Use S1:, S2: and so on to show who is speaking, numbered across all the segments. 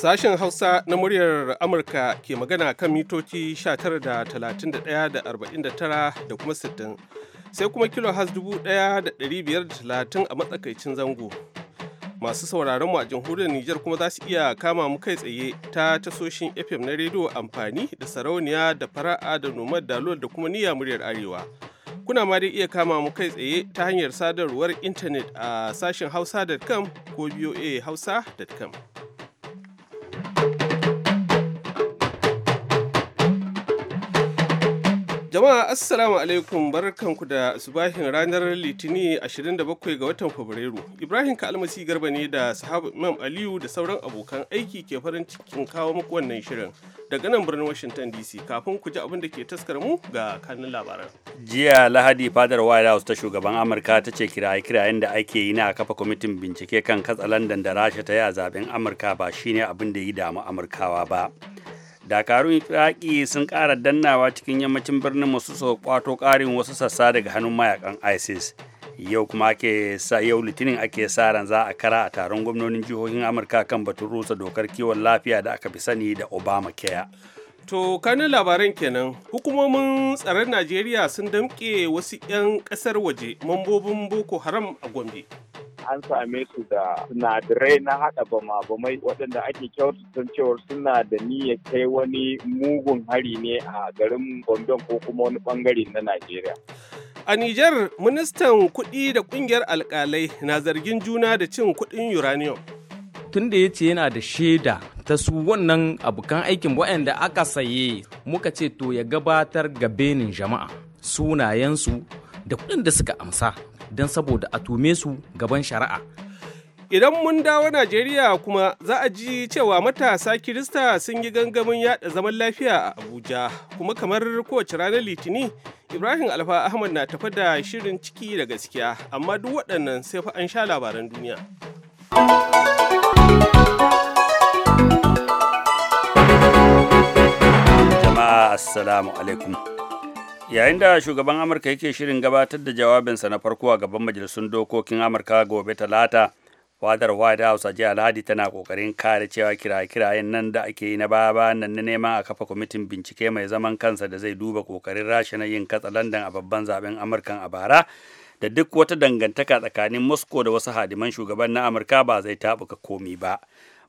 S1: Sashen Hausa na muryar Amurka ke magana kan mitoci 19 da kuma 60. Sai kuma kilo has 1,530 a matsakaicin zango. Masu sauraron mu a jamhuriyar Nijar kuma za su iya kama mu kai tsaye ta tasoshin FM na rediyo amfani da sarauniya da fara'a da nomad dalol da kuma niyya muryar Arewa. Kuna ma dai iya kama mu kai tsaye ta hanyar sadarwar intanet a sashen hausa.com ko voa hausa.com. Jama'a Assalamu alaikum barkanku da subahin ranar Litini 27 ga watan Fabrairu. Ibrahim Kalmasi Garba ne da sahabu Imam Aliyu da sauran abokan aiki ke farin cikin kawo muku wannan shirin daga nan birnin Washington DC kafin ku ji abin da ke taskar mu ga kanun labaran.
S2: Jiya Lahadi fadar White House ta shugaban Amurka ta ce kiraye-kirayen da ake yi na kafa kwamitin bincike kan katsalandan da Rasha ta yi a zaben Amurka ba shine abin da ya damu Amurkawa ba. dakarun iraki sun kara dannawa cikin yammacin birnin masu su kwato karin wasu sassa daga hannun mayakan isis yau kuma ake sa yau litinin ake sa ran za a kara a taron gwamnonin jihohin amurka kan batun rusa dokar kiwon lafiya da aka fi sani da obama kaya
S1: To kanin labaran kenan hukumomin tsaron Najeriya sun damƙe wasu 'yan kasar waje mambobin Boko Haram a Gombe.
S3: an same su da sinadirai na haɗa bama bamai waɗanda ake sun cewar suna da niyyar kai wani mugun hari ne a garin gondon ko kuma wani bangare na Najeriya.
S1: A Nijar, ministan kuɗi da ƙungiyar alƙalai na zargin juna da cin
S4: kuɗin uranium. tun da ya ce yana da shaida ta su wannan abokan aikin waɗanda aka saye muka ce to ya gabatar ga benin jama'a sunayensu da kuɗin da suka amsa don saboda a tume su gaban shari'a.
S1: Idan mun dawo Najeriya kuma za a ji cewa matasa Kirista sun yi gangamin yada zaman lafiya a Abuja kuma kamar kowace ranar Litini Ibrahim Alfa Ahmad na tafa da shirin ciki da gaskiya amma duk waɗannan sai fa an sha labaran duniya.
S2: Jama'a Assalamu alaikum. yayin da shugaban amurka yake shirin gabatar da jawabinsa na farko a gaban majalisun dokokin amurka gobe talata fadar white house a jiya alhadi tana kokarin kare cewa kiraye-kirayen nan da ake yi na baba nan na neman a kafa kwamitin bincike mai zaman kansa da zai duba kokarin rasha na yin katsa katsalandan a babban zaben amurkan a bara da duk wata dangantaka tsakanin moscow da wasu hadiman shugaban na amurka ba zai tabuka komi ba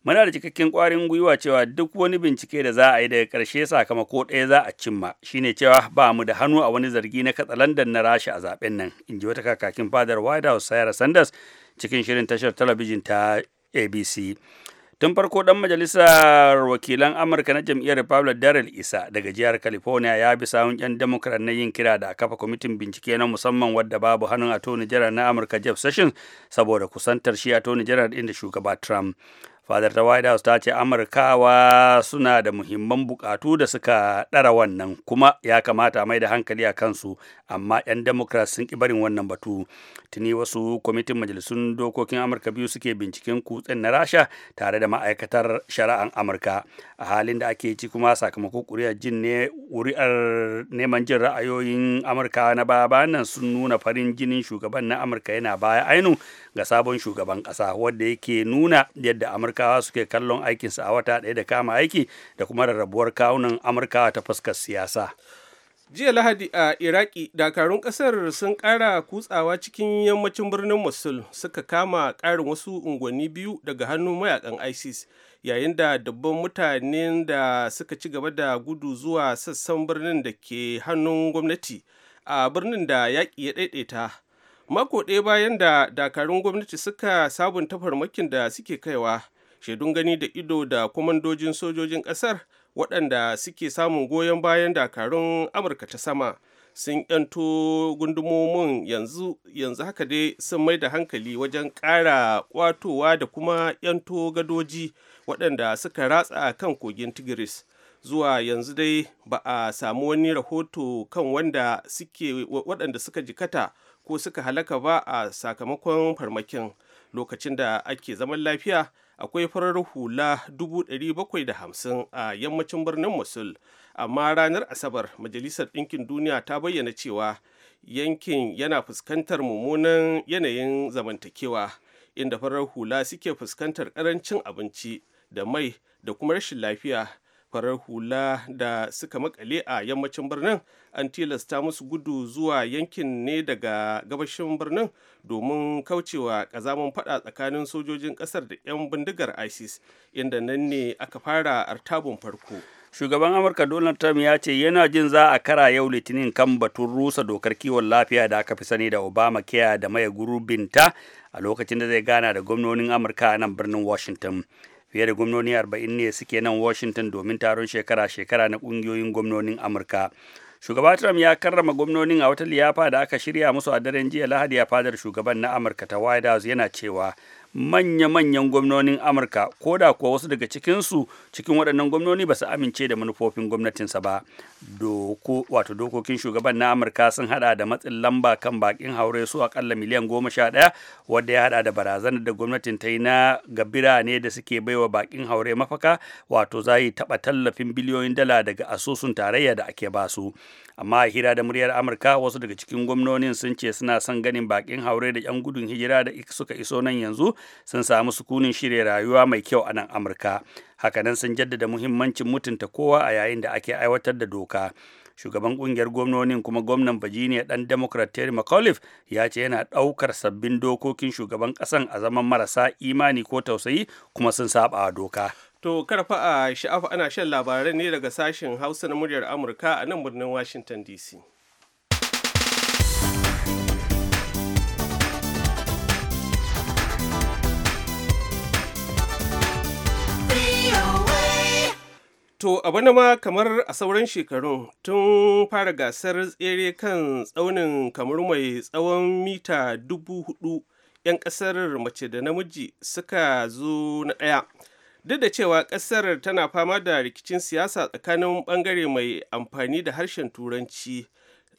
S2: muna da cikakken ƙwarin gwiwa cewa duk wani bincike da za a yi daga ƙarshe sakamako ɗaya za a cimma shine cewa ba mu da hannu a wani zargi na katsa katsalandan na rasha a zaben nan in ji wata kakakin fadar white house sarah sanders cikin shirin tashar talabijin ta abc tun farko dan majalisar wakilan amurka na jam'iyyar republic daryl isa daga jihar california ya bi sawun yan democrat na yin kira da a kafa kwamitin bincike na musamman wadda babu hannun attorney general na amurka jeff sessions saboda kusantar shi attorney general din da shugaba trump fadar ta white house ta ce amurkawa suna da muhimman bukatu da suka ɗara wannan kuma ya kamata mai da hankali a kansu amma 'yan democrat sun ƙi barin wannan batu tuni wasu kwamitin majalisun dokokin amurka biyu suke binciken kutsen na rasha tare da ma'aikatar shari'an amurka a halin da ake ci kuma sakamakon kuri'ar jin ne kuri'ar neman jin ra'ayoyin amurka na baya nan sun nuna farin jinin shugaban na amurka yana baya ainu ga sabon shugaban ƙasa wanda yake nuna yadda amurka amurkawa suke kallon aikinsa a wata ɗaya da kama aiki da kuma rarrabuwar kawunan amurkawa ta fuskar siyasa jiya lahadi a iraki dakarun
S1: ƙasar sun ƙara kutsawa cikin yammacin birnin mosul suka kama ƙarin wasu unguwanni biyu daga hannun mayakan isis yayin da dabban mutanen da suka ci gaba da gudu zuwa sassan birnin da ke hannun gwamnati a birnin da yaƙi ya ɗaiɗaita mako ɗaya bayan da dakarun gwamnati suka sabunta farmakin da suke kaiwa shaidun gani da ido da kwamandojin sojojin ƙasar waɗanda suke samun goyon bayan dakarun amurka ta sama sun yanto gundumomin yanzu yanzu haka dai sun mai da hankali wajen ƙara kwatowa da kuma yanto gadoji waɗanda suka ratsa kan kogin tigris zuwa yanzu dai ba a samu wani rahoto kan wanda suke waɗanda suka jikata ko suka halaka ba a sakamakon farmakin lokacin da ake zaman lafiya akwai farar hula 750 a yammacin birnin mosul amma ranar asabar majalisar ɗinkin duniya ta bayyana cewa yankin yana fuskantar mummunan yanayin zamantakewa inda farar hula suke fuskantar ƙarancin abinci da mai da kuma rashin lafiya farar hula da suka makale a yammacin birnin an tilasta musu gudu zuwa yankin ne daga gabashin birnin domin kaucewa kazaman fada tsakanin sojojin kasar da 'yan bindigar isis inda nan ne aka fara artabun farko
S2: shugaban amurka donald trump ya ce yana jin za a kara yau litinin kan batun rusa dokar kiwon lafiya da aka fi sani da obama kiya da maye gurbinta a lokacin da zai gana da gwamnonin amurka a nan birnin washington fiye da gwamnoni arba'in ne suke nan washington domin taron shekara-shekara na ƙungiyoyin gwamnonin amurka shugaba trump ya karrama gwamnonin a wata liyafa da aka shirya musu a daren jiya lahadi a fadar shugaban na amurka ta white house yana cewa manya-manyan gwamnonin amurka ko da kuwa wasu daga cikinsu cikin waɗannan gwamnoni ba su amince da manufofin gwamnatinsa ba doko wato dokokin shugaban na amurka sun hada da matsin lamba kan bakin haure su akalla miliyan goma sha ɗaya wadda ya hada da barazanar da gwamnatin ta yi na ga birane da suke baiwa bakin haure mafaka wato za yi taɓa tallafin biliyoyin dala daga asusun tarayya da ake su. amma a hira da muryar amurka wasu daga cikin gwamnonin sun ce suna son ganin bakin haure da yan gudun hijira da suka iso nan yanzu sun samu sukunin shirya rayuwa mai kyau a nan amurka hakanan sun jaddada muhimmancin mutunta kowa a yayin da ake aiwatar da doka shugaban kungiyar gwamnonin kuma gwamnan virginia dan democrat terry mcauliffe ya ce yana daukar sabbin dokokin shugaban kasan a zaman marasa imani ko tausayi kuma sun saba doka
S1: To karfa a sha'afa ana shan labarai ne daga sashen Hausa na muryar Amurka a nan birnin Washington DC. To a bana ma kamar a sauran shekarun tun fara gasar tsere kan tsaunin kamar mai tsawon mita dubu hudu 'yan kasar mace da namiji suka zo na ɗaya. duk da cewa ƙasar tana fama da rikicin siyasa tsakanin ɓangare mai amfani da harshen turanci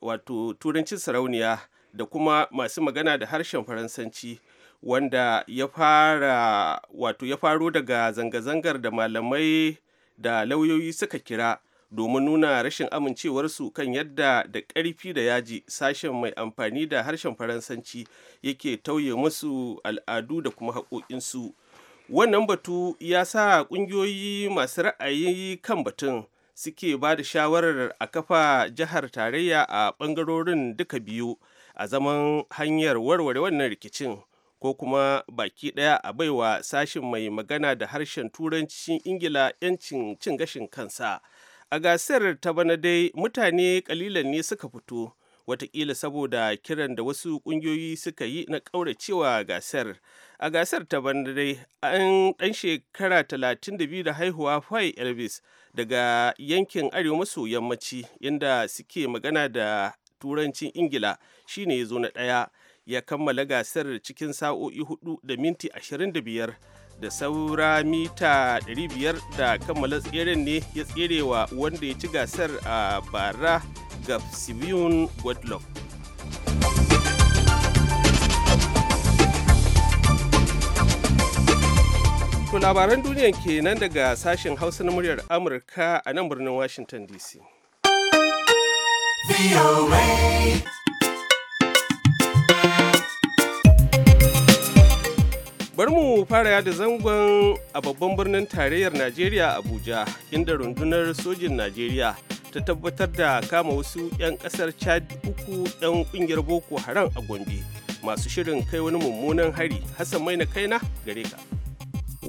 S1: wato turancin sarauniya da kuma masu magana da harshen faransanci wanda ya fara wato ya faro daga zanga-zangar da malamai da lauyoyi suka kira domin nuna rashin amincewarsu kan yadda da ƙarfi da yaji sashen mai amfani da harshen faransanci yake tauye musu al'adu da kuma haƙoƙinsu wannan batu ya sa ƙungiyoyi masu ra'ayi kan batun suke ba da shawarar a kafa jihar tarayya a bangarorin duka biyu a zaman hanyar warware wannan rikicin ko kuma baki ɗaya a baiwa sashin mai magana da harshen turancin ingila 'yancin cin gashin kansa a gasar ta bana dai mutane kalilan ne suka fito watakila saboda kiran da wasu ƙungiyoyi suka yi na ƙauracewa gasar a gasar ta bandare an ɗan shekara 32 da haihuwa fai elvis daga yankin arewa maso yammaci inda suke magana da turancin ingila shine ya zo na ɗaya ya kammala gasar cikin sa'o'i 4 da minti 25 da saura mita 500 da kammala tseren ne ya tserewa wanda ya ci gasar a bara ga simeon godlock To labaran duniya kenan daga sashen Hausa na muryar Amurka a nan birnin Washington DC. Bar mu fara yada zangon a babban birnin tarayyar Najeriya Abuja, inda rundunar sojin Najeriya ta tabbatar da kama wasu 'yan kasar Chad uku 'yan kungiyar Boko Haram a Gombe masu shirin kai wani mummunan hari. Hassan Maina kaina gare ka.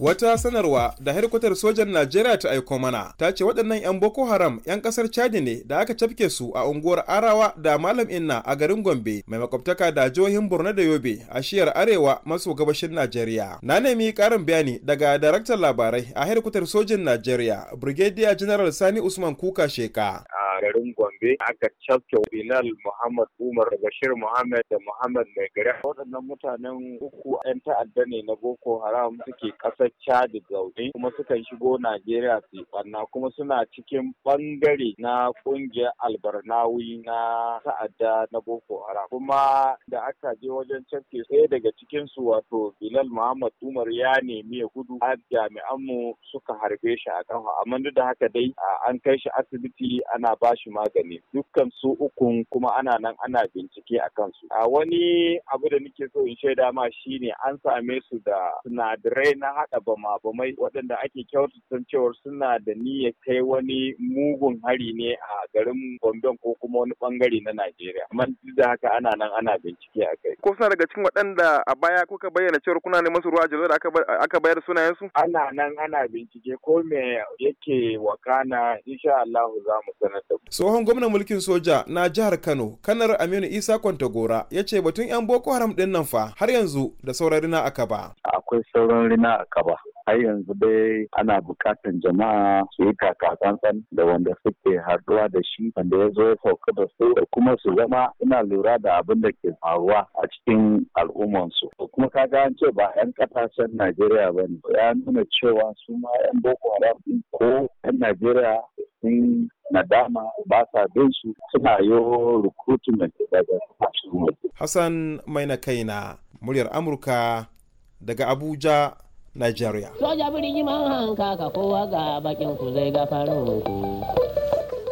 S1: Wata sanarwa da hedkwatar sojan Najeriya ta aiko mana ta ce waɗannan 'yan Boko Haram 'yan ƙasar Chadi ne da aka cafke su a unguwar Arawa da Malam Inna a garin Gombe mai makwabtaka da jihohin Borno da Yobe a shiyar Arewa maso gabashin Najeriya. Na nemi ƙarin bayani daga daraktan labarai a hedkwatar sojan Najeriya Brigadier General Sani Usman Kuka Sheka.
S3: garin Gombe aka cafke Bilal Muhammad Umar Bashir Muhammad da Muhammad Mai Gari. Waɗannan mutanen uku 'yan ta'adda ne na Boko Haram suke ƙasar Chad zaune kuma sukan shigo Najeriya su ɓanna kuma suna cikin ɓangare na ƙungiyar albarnawi na ta'adda na Boko Haram. Kuma da aka je wajen cafke sai daga cikin su wato Bilal Muhammad Umar ya nemi ya gudu jami'an jami'anmu suka harbe shi a ƙafa amma duk da haka dai an kai shi asibiti ana ba shi magani dukkan su ukun kuma ana nan ana bincike a kansu a wani abu da nake so in shaida ma shine an same su da sinadirai na haɗa bama bamai waɗanda ake kyautata cewar suna da niyya kai wani mugun hari ne a garin Gombe ko kuma wani bangare na Najeriya amma duk da haka ana nan ana bincike a kai ko suna daga cikin waɗanda a baya kuka bayyana cewar kuna neman su ruwa jalo da aka bayar sunayen su ana nan ana bincike ko me yake wakana insha Allah za mu sanar
S1: Tsohon gwamnan mulkin soja na jihar Kano, Kanar Aminu Isa Kwantagora ya ce batun 'yan Boko Haram ɗin nan fa har yanzu da sauran rina aka ba.
S3: Akwai sauran rina aka ba. har yanzu dai ana bukatan jama'a su yi tsantsan, da wanda suke haduwa da shi wanda ya zo ya sauka da su da kuma su zama ina lura da abin da ke faruwa a cikin al'ummansu kuma ka ga an ce ba 'yan ƙasashen najeriya ba ne ya nuna cewa su ma 'yan boko haram ko 'yan najeriya sun nadama ba sa bin su suna yo recruitment daga kasashen
S1: Hassan mai na kaina muryar Amurka daga Abuja
S5: Nigeria. Soja yi man hanka ka kowa ga bakin ku zai gafarin ku.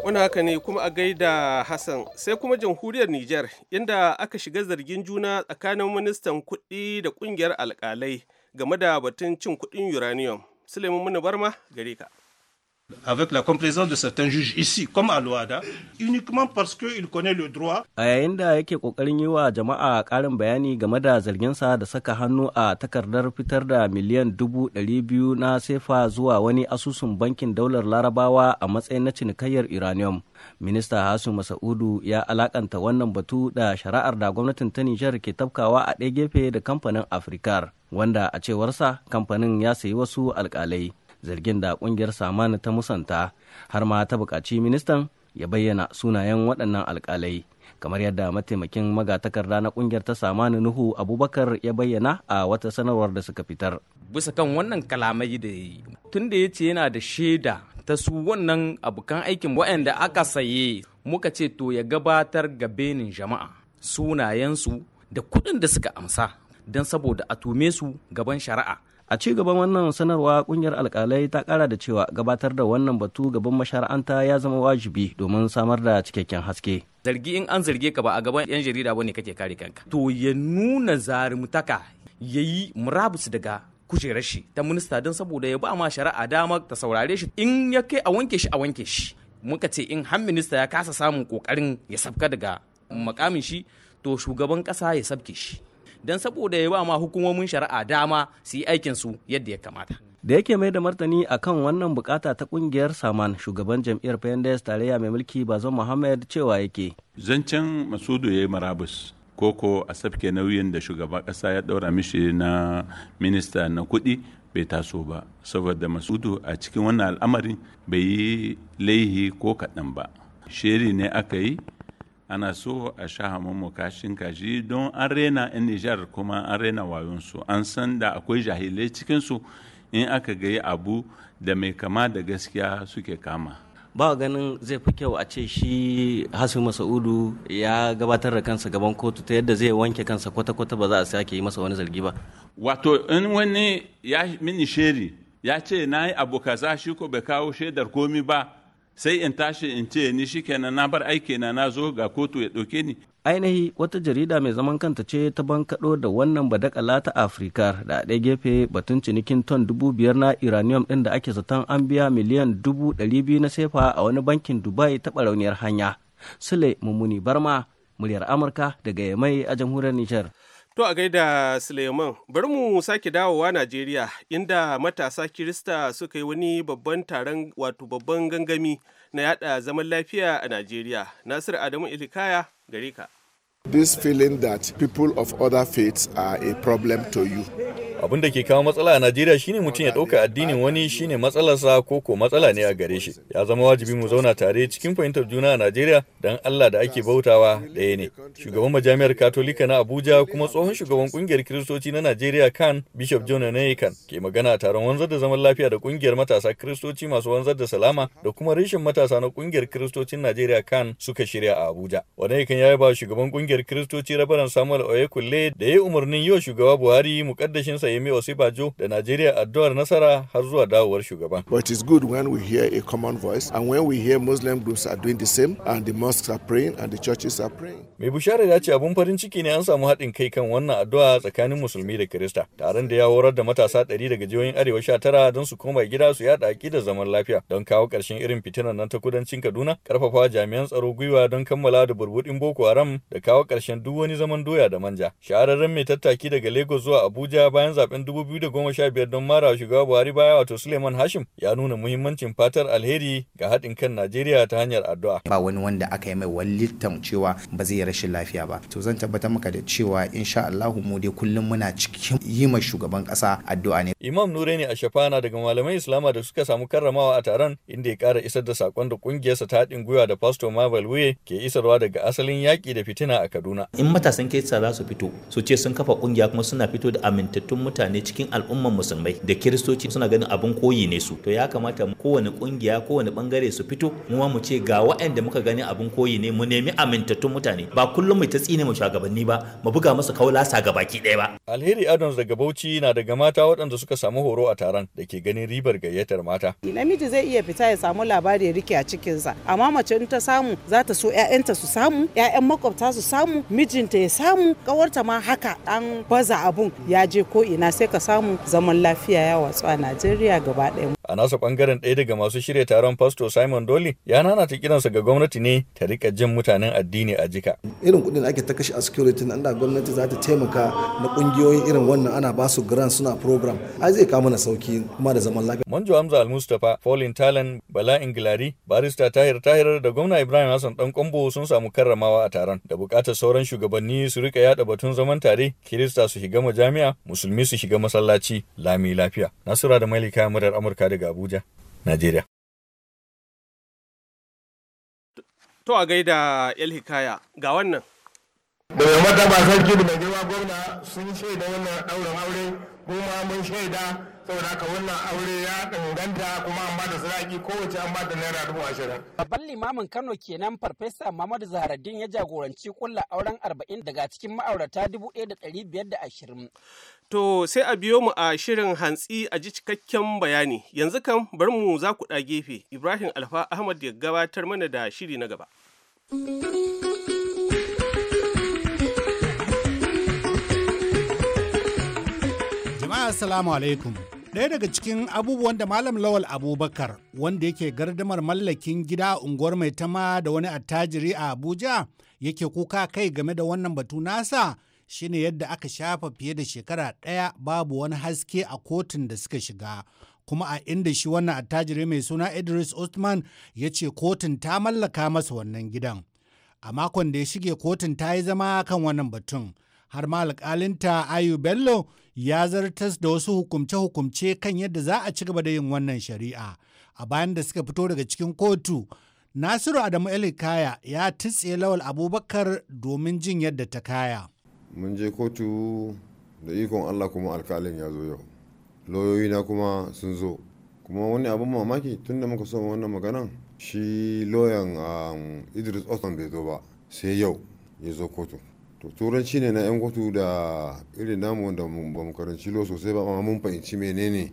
S1: Wani haka ne kuma a gaida Hassan sai kuma jamhuriyar Nijar inda aka shiga zargin juna tsakanin ministan kuɗi da ƙungiyar alƙalai game da batun cin kuɗin uranium. Suleiman Muni Barma gare ka.
S5: avec la complaisance de certains juges ici, comme à Luada,
S1: uniquement parce qu'il connaît le droit.
S5: A yayin da yake kokarin yi wa jama'a ƙarin bayani game da zarginsa da saka hannu a takardar fitar da miliyan dubu ɗari biyu na sefa zuwa wani asusun bankin daular larabawa a matsayin na cinikayyar uranium. Minista Hasu Masa'udu ya alakanta wannan batu da shari'ar da gwamnatin ta Nijar ke tafkawa a ɗaya gefe da kamfanin Afrikar, wanda a cewarsa kamfanin ya sayi wasu alƙalai. zargin da kungiyar samani ta musanta har ma ta bukaci ministan ya bayyana sunayen waɗannan alƙalai kamar yadda mataimakin magatakarda na kungiyar ta samani nuhu abubakar ya bayyana a wata sanarwar da suka fitar
S4: bisa kan wannan kalamai da ya yi tun da ya ce yana da shaida ta su wannan abokan aikin waɗanda aka saye muka ce to ya gabatar ga benin jama'a sunayensu da kuɗin da suka amsa don saboda a tume su gaban shari'a
S5: a ci gaban wannan sanarwa kungiyar alkalai ta kara da cewa gabatar da wannan batu gaban mashara'anta ya zama wajibi domin samar da cikakken haske
S4: zargi in an zarge ka ba a gaban yan jarida bane kake kare kanka to ya nuna zarumtaka yi murabus daga kujerar shi ta minista don saboda ya ba ma shari'a dama ta saurare shi in ya kai a wanke shi a wanke shi muka ce in har minista ya kasa samun kokarin ya sabka daga makamin shi to shugaban kasa ya sabke shi don saboda ya ba ma hukumomin shari'a dama su yi aikin su yadda ya kamata
S5: da yake mai da martani a kan wannan bukata ta kungiyar saman shugaban jam'iyyar pendes tarayya mai mulki bazon muhammad cewa yake zancen masudu ya yi marabus koko a sabke nauyin da shugaban kasa ya ɗaura mishi na minista na kuɗi bai taso ba saboda masudu a cikin wannan al'amarin bai yi laihi ko kaɗan ba sheri ne aka yi ana so a sha hamammu kashin kaji don an rena 'yan nijar kuma an rena wayonsu an san da akwai jahilai cikinsu in aka gayi abu da mai kama da gaskiya suke kama ba ganin zai fi kyau a ce shi hasu masaudu ya gabatar da kansa gaban kotu ta yadda zai wanke kansa kwata-kwata ba za a sake yi masa wani zargi ba wato in wani ya mini sheri ya ce na yi abu kaza shi ko bai kawo shaidar komi ba sai in tashi in ce ni shikenan na bar aiki na na zo ga kotu ya ɗauke ni ainihi wata jarida mai zaman kanta ce ta bankaɗo da wannan badakala ta afirka da a ɗaya gefe batun cinikin ton dubu biyar na iranium ɗin da ake zaton an biya miliyan dubu ɗari biyu na sefa a wani bankin dubai ta barauniyar hanya sule mummuni barma muryar amurka daga yamai a jamhuriyar nijar
S1: To a gaida Suleiman, bari mu sake dawowa Najeriya inda matasa Kirista suka yi wani babban taron wato babban gangami na yada zaman lafiya a Najeriya. Nasiru Adamu Ilikaya gare ka.
S5: This feeling that people of other faiths are a problem to you.
S6: abin da ke kawo matsala a najeriya shine mutum ya ɗauka addinin wani shine matsalarsa ko ko matsala ne a gare shi ya zama wajibi mu zauna tare cikin fahimtar juna a najeriya don allah da ake bautawa ɗaya ne shugaban majami'ar katolika na abuja kuma tsohon shugaban kungiyar kiristoci na najeriya kan bishop john yakan, ke magana a taron wanzar da zaman lafiya da kungiyar matasa kiristoci masu wanzar da salama da kuma reshen matasa na kungiyar kiristocin najeriya kan suka shirya a abuja yakan ya yaba shugaban kungiyar ƙungiyar Kiristoci Rabaran Samuel kulle da ya yi umarnin yau shugaba Buhari mukaddashin sa Yemi Osibajo da Najeriya addu'ar nasara har zuwa dawowar shugaban.
S5: But it's good when we hear a common voice and when we hear Muslim groups are doing the same and the mosques are praying and the churches are praying.
S6: Mai bushara ya ce abun farin ciki ne an samu haɗin kai kan wannan addu'a tsakanin musulmi da Kirista. Taron da ya horar da matasa ɗari daga jihohin Arewa sha tara don su koma gida su yaɗa da zaman lafiya don kawo ƙarshen irin fitinan nan ta kudancin Kaduna, ƙarfafawa jami'an tsaro gwiwa don kammala da burbuɗin Boko Haram da kawo kawo ƙarshen duk wani zaman doya da manja. Shahararren mai tattaki daga Lagos zuwa Abuja bayan zaben 2015 don mara shugaba Buhari baya wato Suleiman Hashim ya nuna muhimmancin fatar alheri ga haɗin kan Najeriya ta hanyar addu'a.
S4: Ba wani wanda aka yi mai wallitan cewa ba zai rashin lafiya ba. To zan tabbatar maka da cewa insha Allah mu dai kullum muna cikin yi ma shugaban ƙasa addu'a ne.
S6: Imam Nureni Ashafana daga malamai Islama da suka samu karramawa a taron inda ya ƙara isar da sakon da ƙungiyarsa ta haɗin gwiwa da Pastor Marvel Wuye ke isarwa daga asalin yaƙi da fitina a Kaduna.
S5: In matasan Kirista za su fito su ce sun kafa kungiya kuma suna fito da amintattun mutane cikin al'ummar musulmai da Kiristoci suna ganin abin koyi ne su. To ya kamata kowane kungiya kowane bangare su fito mu mu ce ga waɗanda muka gani abin koyi ne mu nemi amintattun mutane ba kullum mu ta tsine mu shugabanni
S6: ba mu buga musu kaulasa ga baki ɗaya ba. Alheri Adams daga Bauchi na daga mata waɗanda suka samu horo a taron da ke ganin ribar gayyatar mata.
S4: Namiji zai iya fita ya samu labari ya rike a cikinsa amma mace in ta samu za ta so 'ya'yanta su samu 'ya'yan makwabta su samu samu mijinta ya samu kawarta ma haka an baza abun ya je ko ina sai ka samu zaman lafiya ya watsu a najeriya gaba ɗaya
S6: A nasa bangaren ɗaya daga masu shirya taron Pastor Simon dolle ya nanata kiransa ga gwamnati ne ta rika jin mutanen addini a jika.
S5: Irin kuɗin ake ta kashe a security na da gwamnati za ta taimaka na ƙungiyoyi irin wannan ana ba su grant suna program. Ai zai kawo mana sauki kuma da zaman lafiya.
S6: Manjo Hamza Al-Mustapha, Paulin Talan, Bala Ingilari, Barista Tahir Tahir da gwamna Ibrahim Hassan Dan kombo sun samu karramawa a taron da bukatar sauran shugabanni su rika yada batun zaman tare, Kirista su shiga majami'a, Musulmi su shiga masallaci, lami lafiya. Nasura da Malika murar Amurka daga daga Abuja, Najeriya.
S1: To a gaida El Hikaya ga wannan. Da yamma ta ba sarki da mai girma gwamna sun shaida wannan ɗaurin aure kuma mun shaida saboda haka wannan aure ya
S3: danganta kuma an bada sadaki kowace an bada naira dubu ashirin.
S5: Babban limamin Kano kenan Farfesa Muhammadu Zaharaddin ya jagoranci kulla auren arba'in daga cikin ma'aurata dubu ɗaya da ɗari biyar da ashirin.
S1: To sai a biyo mu a shirin hantsi a ji cikakken bayani. Yanzu kan bar mu za ku ɗa gefe. Ibrahim Alfa Ahmad ya gabatar mana da shiri na gaba.
S7: Jama'a Assalamu alaikum. Ɗaya daga cikin abubuwan da Malam Lawal Abubakar wanda yake gardamar mallakin gida unguwar mai tama da wani attajiri a Abuja yake kuka kai game da wannan batu nasa shine yadda aka shafa fiye da shekara ɗaya babu wani haske a kotun da suka shiga. kuma a inda shi wannan attajiri mai suna Idris Osman ya ce kotun ta mallaka masa wannan gidan. A makon da ya shige kotun ta yi zama kan wannan batun. Har ma alƙalinta Ayu Bello ya zartas da wasu hukumce-hukumce kan yadda za a ci gaba da yin wannan shari'a. A bayan da suka fito daga cikin kotu, Nasiru Adamu Elikaya ya tutse Lawal Abubakar domin jin yadda ta kaya.
S8: mun je kotu da ikon allah kuma alkalin ya zo yau lauyoyi na kuma sun zo kuma wani abin mamaki tun da muka so wannan magana. shi loyan um, idris otan bai zo ba sai yau ya zo kotu to turanci ne na 'yan kotu da irin namu wanda ba mu karanci lo sosai ba amma mun fahimci menene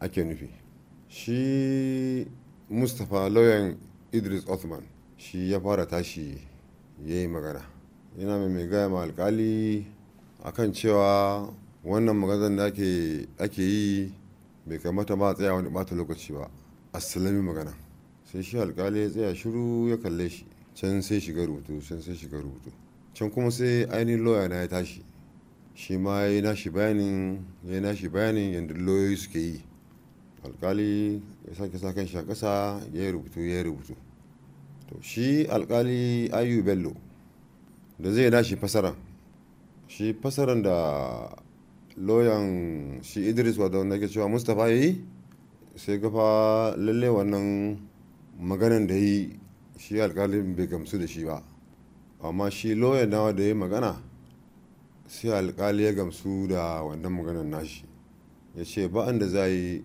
S8: ake nufi shi mustapha lauyan idris osman shi ya fara tashi ya yi magana yana mai mai gaya ma alkali akan cewa wannan maganar da ake yi bai kamata ma tsaya wani bata lokaci ba asalami magana sai shi alkali ya tsaya shiru ya kalle shi can sai shiga rubutu can sai shiga rubutu can kuma sai ainihin lawyer na ya tashi shi ma ya yi nashi bayanin ya yi nashi bayanin yadda lawyoyi suke yi alkali ya sake sa kan shi a kasa ya yi rubutu ya yi rubutu to shi alkali ayu bello da zai nashi fasaran shi fasaran da loyan shi idris wadda wanda ke cewa mustapha ya yi sai gafa lalle wannan maganan da yi shi alkalin bai gamsu da shi ba amma shi loyan nawa da ya yi magana sai alkali ya gamsu da wannan maganan nashi ya ce ba'an da za yi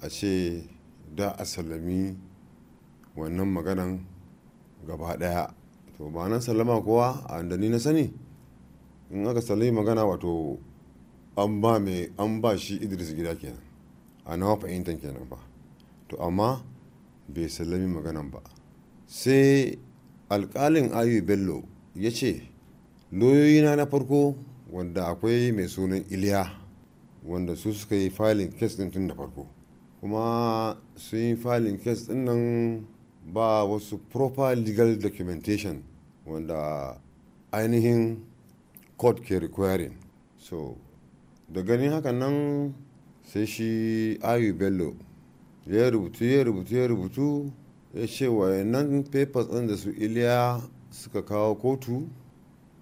S8: a ce da asalami wannan maganan gaba daya to ba nan sallama kowa a da ni na sani in aka sallai magana wato an ba mai an ba shi idris gida kenan a nawa fahimtar kenan ba to amma bai sallami maganan ba sai alkalin ayu bello ya ce loyoyina na farko wanda akwai mai sunan iliya wanda su suka yi filin kes din tun da farko kuma sun yi filin kes din nan ba wasu proper legal documentation wanda ainihin court ke requiring so da ganin haka nan sai shi ayu bello ya rubutu ya rubutu ya rubutu ya ce nan papers ɗin da su iliya suka kawo kotu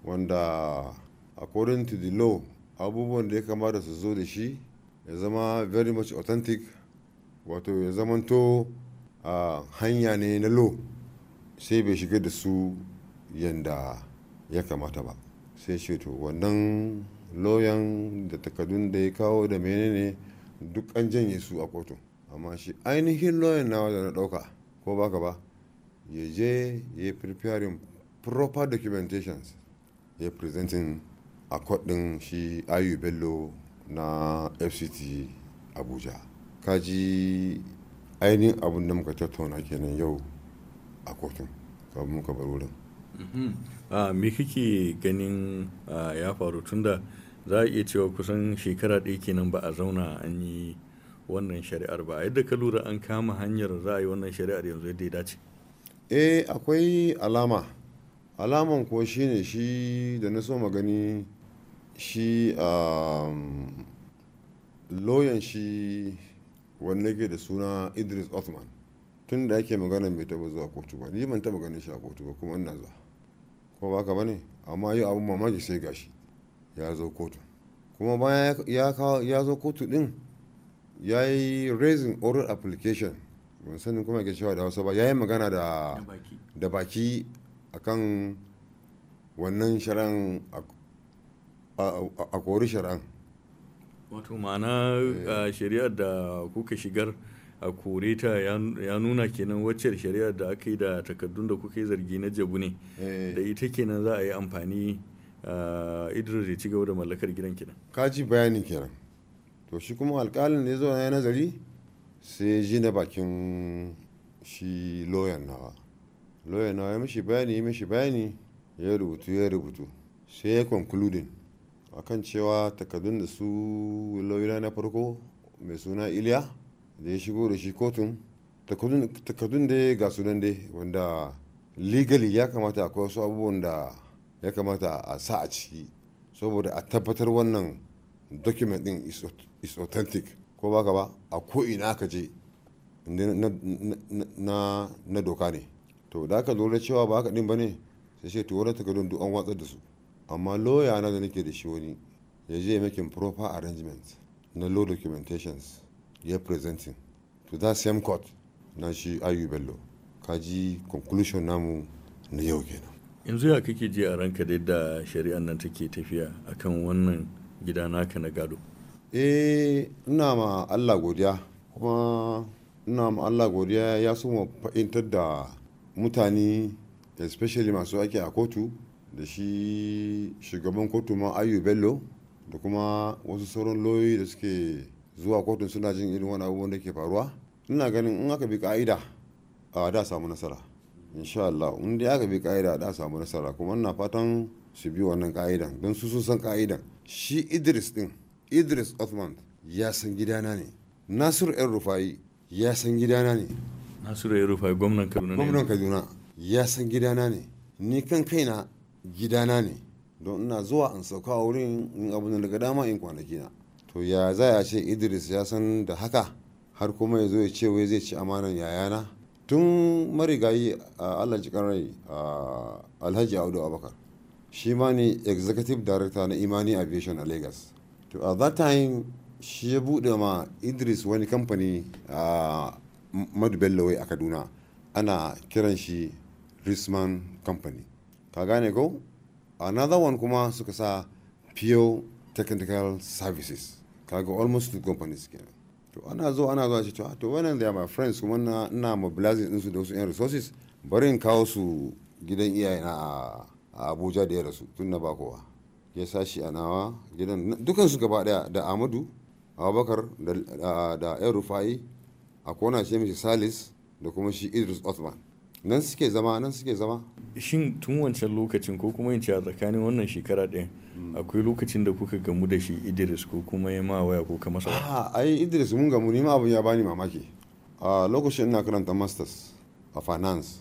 S8: wanda according to the law abubuwan da ya kamata su zo da shi ya zama very much authentic wato ya zamanto hanya ne na lo sai bai shiga da su yadda ya kamata ba sai ce to wannan loyan da takardun da ya kawo da menene duk an janye su a kotu amma shi ainihin loyan nawa da na ɗauka ko baka ba ya je ya preparing proper documentations ya presenting a kwadin shi ayu bello na fct abuja kaji ainihin abin da muka tattauna kenan yau a
S6: kotun kafin muka bar wurin mm-hmm. me kake ganin ya faru tunda za a iya cewa kusan shekara ɗaya kenan ba a zauna an yi wannan shari'ar ba yadda ka lura an kama hanyar za a yi wannan shari'ar yanzu yadda ya dace eh akwai alama alaman ko shine shi da na so
S8: magani shi a um, loyan shi wanda yake da suna idris othman tun da ake magana mai taba zuwa kotu ba ni ban taba ganin shi a kotu ba kuma ina za ko ba ka bane amma yau abin mamaki sai gashi ya zo kotu kuma bayan ya zo kotu din ya yi raising oral application ban sani kuma ke cewa da wasu ba ya yi magana da baki akan wannan shari'an a kori shari'an.
S6: wato ma'ana eh. ah, shari'ar da kuka shigar a kore ta ya nuna kenan wacce shari'ar da aka yi da takaddun da kuka yi zargi na jabu ne eh. da ita kenan za a yi amfani ah, idris ya ci gaba da mallakar gidan kenan ka ji bayani kenan to shi kuma alkalin
S8: da ya zo ya nazari sai ji na bakin shi loyan nawa loyan nawa ya mishi bayani ya mishi bayani ya rubutu ya rubutu sai ya concluding akan cewa takardun da su lauyira na farko mai suna iliya da ya shigo da shi kotun takardun da ga sunan dai wanda legally ya kamata akwai wasu abubuwan da ya kamata a sa a ciki saboda a tabbatar wannan document din is authentic ko baka ba a ko'ina aka je na doka ne to da aka lura cewa ba haka din ba ne sai ce to takardun duk an watsar da su amma lawyer na da nake da shi wani ya je making proper arrangement na law documentations ya presenting to that same court na shi ayu bello kaji conclusion
S6: namu na yau kenan yanzu ya kake ji a ranka da yadda shari'an nan take tafiya akan wannan gida naka na gado eh ina
S8: ma allah godiya kuma ina ma allah godiya ya so fahimtar da mutane especially masu ake a kotu da shi shugaban kotu ma ayu bello da kuma wasu sauran loyi da suke zuwa kotun suna jin irin wani abubuwan da ke faruwa ina ganin in aka bi ka'ida a da samu nasara insha Allah in dai aka bi ka'ida a da samu nasara kuma ina fatan su bi wannan ka'idan don su sun san ka'idan shi Idris din Idris Othman ya san gidana ne Nasir El Rufai ya san gidana ne
S6: Nasir El Rufai gwamnan Kaduna gwamnan
S8: Kaduna ya san gidana ne ni kan kaina gidana ne don ina zuwa in sauka a wurin in abu daga dama in kwanaki na to ya za ya ce idris ya san da haka har kuma ya zo ya ce wai zai ci amanan yayana tun marigayi a allah jikan rai alhaji audu abakar shi ma ne executive director na imani aviation a lagos to a that time shi ya bude ma idris wani kamfani a madu bello a kaduna ana kiran shi risman company ka gane ko another one kuma suka sa pure technical services kaga almost two companies ke to ana zo ana a cewa ah, to wannan da my friends kuma na ina mobilizing din su da wasu yan resources bari in kawo su gidan iyaye na a Abuja da ya rasu tun na ba kowa ya sashi a nawa gidan dukan su gaba daya da Amadu Abubakar da da Yan Rufai a kona shi mishi Salis da kuma shi Idris Osman
S6: nan suke zama nan suke zama shin tun wancan lokacin ko kuma in ce a tsakanin wannan shekara ɗaya hmm. akwai lokacin da kuka gamu da shi idris ko kuma ya ma waya ko kama a ah,
S8: ai idris mun gamu ni ma abin ya bani mamaki a lokacin ina karanta masters a finance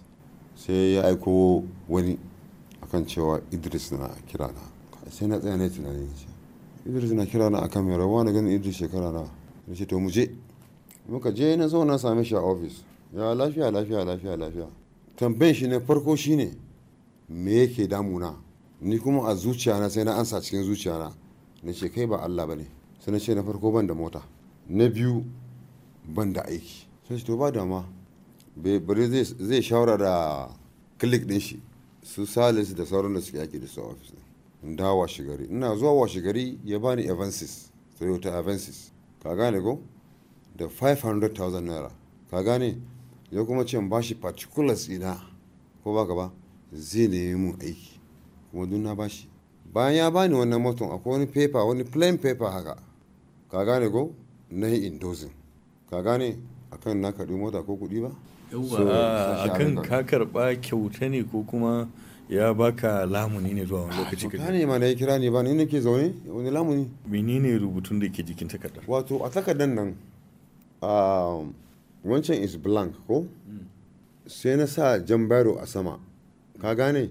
S8: sai ya aiko wani akan cewa idris na kira na sai na tsaya tunanin tunani idris na kira na akan mai rawa na ganin idris shekara na ya ce to mu je muka je na zauna same shi a ofis ya lafiya lafiya lafiya lafiya tambayin shi ne farko shi ne me yake damuna ni kuma a zuciya na sai na ansa cikin zuciya na na ce kai ba Allah ne sai na ce na farko ban da mota na biyu ban da aiki sai ce to ba dama bare zai shawara da klik din shi su salis da sauran da suke yaki da su a ofis in da washe gari ina zuwa washe gari ya bani avances toyota avances ka gane ko da 500,000 naira ka gane ya kuma ce ba shi particulars ina ko ba gaba zai nemi mun aiki kuma duk na bashi bayan ya bani wannan moton akwai wani paper wani plain paper haka ka gane ko na yi indozin ka gane kan na karbi mota ko kuɗi ba yawwa kan ka
S6: karba kyauta ne ko kuma ya baka lamuni ne zuwa wani lokaci ka ne ma na yi
S8: kira ne ba ni nake zaune wani lamuni menene rubutun da ke jikin takarda
S6: wato a takardar nan
S8: um, wancan is blank ko sai na sa jan biro a sama ka gane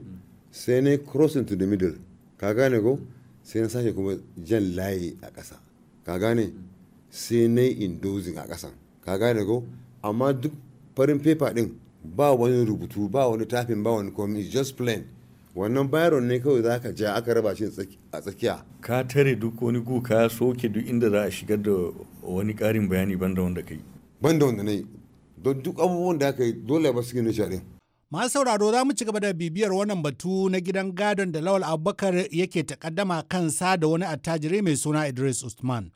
S8: sai na cross into the middle ka gane ko sai na sake kuma jan layi a ƙasa ka gane sai na indozing a ƙasan ka gane ko amma duk farin paper din ba wani
S6: rubutu ba
S8: wani tafin ba wani komi just plain wannan byron ne kawai za ka ja aka raba shi
S6: a tsakiya ka tare duk wani guka ka soke duk inda za a shigar da wani ƙarin bayani banda wanda kai. ban da wanda na yi don duk abubuwan da aka yi dole ba su gina shaɗin.
S7: masu sauraro za mu ci gaba da bibiyar wannan batu na gidan gadon da lawal abubakar yake takaddama kansa da wani attajiri mai suna idris usman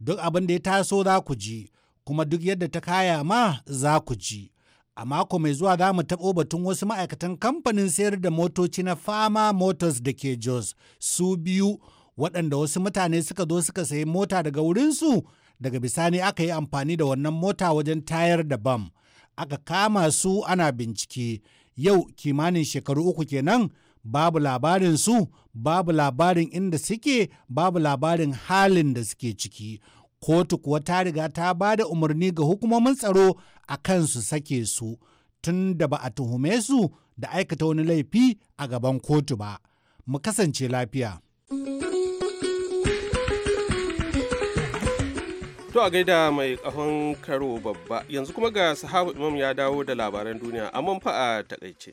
S7: duk abin da ya taso za ku ji kuma duk yadda ta kaya ma za ku ji a mako mai zuwa za mu taɓo batun wasu ma'aikatan kamfanin sayar da motoci na fama motors da ke jos su biyu waɗanda wasu mutane suka zo suka sayi mota daga wurinsu daga bisani aka yi amfani da wannan mota wajen tayar da bam aka kama su ana bincike yau kimanin shekaru uku kenan babu labarin su babu labarin inda suke babu labarin halin da suke ciki kotu kuwa ta riga ta ba da umarni ga hukumomin tsaro a kan su sake su tun da ba a tuhume su da aikata wani laifi a gaban kotu ba mu kasance lafiya.
S1: To a gaida mai kahon karo babba yanzu kuma ga sahabu imam ya dawo da labaran duniya amma fa a
S2: takaice.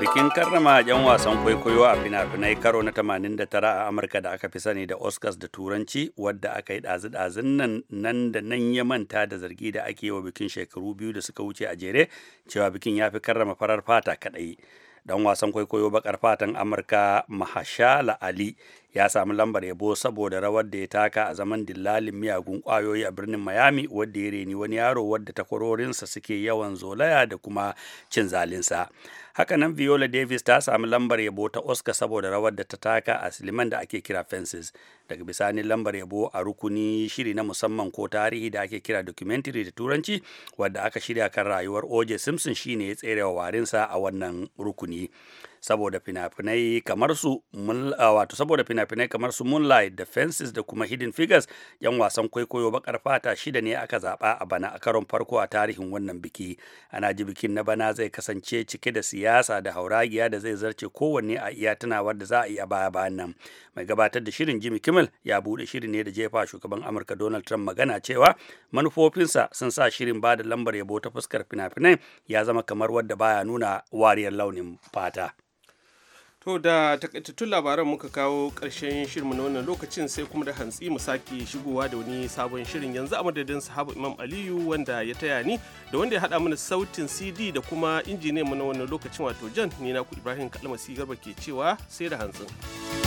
S2: bikin karrama yan wasan kwaikwayo a fina-finai karo na 89 a amurka da aka fi sani da oscars da turanci wadda aka yi ɗazu-ɗazun nan nan da nan ya manta da zargi da ake yi wa bikin shekaru biyu da suka wuce a jere cewa bikin ya fi karrama farar fata kaɗai dan wasan kwaikwayo bakar fatan amurka mahashala ali ya sami lambar yabo saboda rawar da ya taka a zaman dillalin miyagun kwayoyi a birnin miami wadda ya reni wani yaro wadda takwarorinsa suke yawan zolaya da kuma cin zalinsa haka nan viola davis ta sami lambar yabo ta oscar saboda rawar da ta taka a siliman da ake kira fences daga bisani lambar yabo a rukuni shiri na musamman ko tarihi da ake kira documentary da turanci wadda aka shirya kan rayuwar oj simpson shine ya tserewa warinsa a wannan rukuni saboda fina-finai kamar su wato saboda fina-finai kamar su Moonlight da Fences da kuma Hidden Figures yan wasan kwaikwayo bakar fata shida ne aka zaba a bana a karon farko a tarihin wannan biki ana ji bikin na bana zai kasance cike da siyasa da hauragiya da zai zarce kowanne a iya tunawar da za a yi a baya bayan nan mai gabatar da shirin Jimmy Kimmel ya bude shirin ne da jefa shugaban Amurka Donald Trump magana cewa manufofinsa sun sa shirin ba da lambar yabo ta fuskar fina-finai ya zama kamar wadda baya nuna wariyar launin fata.
S1: To da takaitattun labaran muka kawo ƙarshen shirin na wannan lokacin sai kuma da hantsi mu sake shigowa da wani sabon shirin yanzu a madadin sahabu Imam Aliyu wanda ya taya ni da wanda ya haɗa mana sautin CD da kuma injiniyan mu na wannan lokacin wato Jan ni na ku Ibrahim Kalmasi Garba ke cewa sai da hantsin.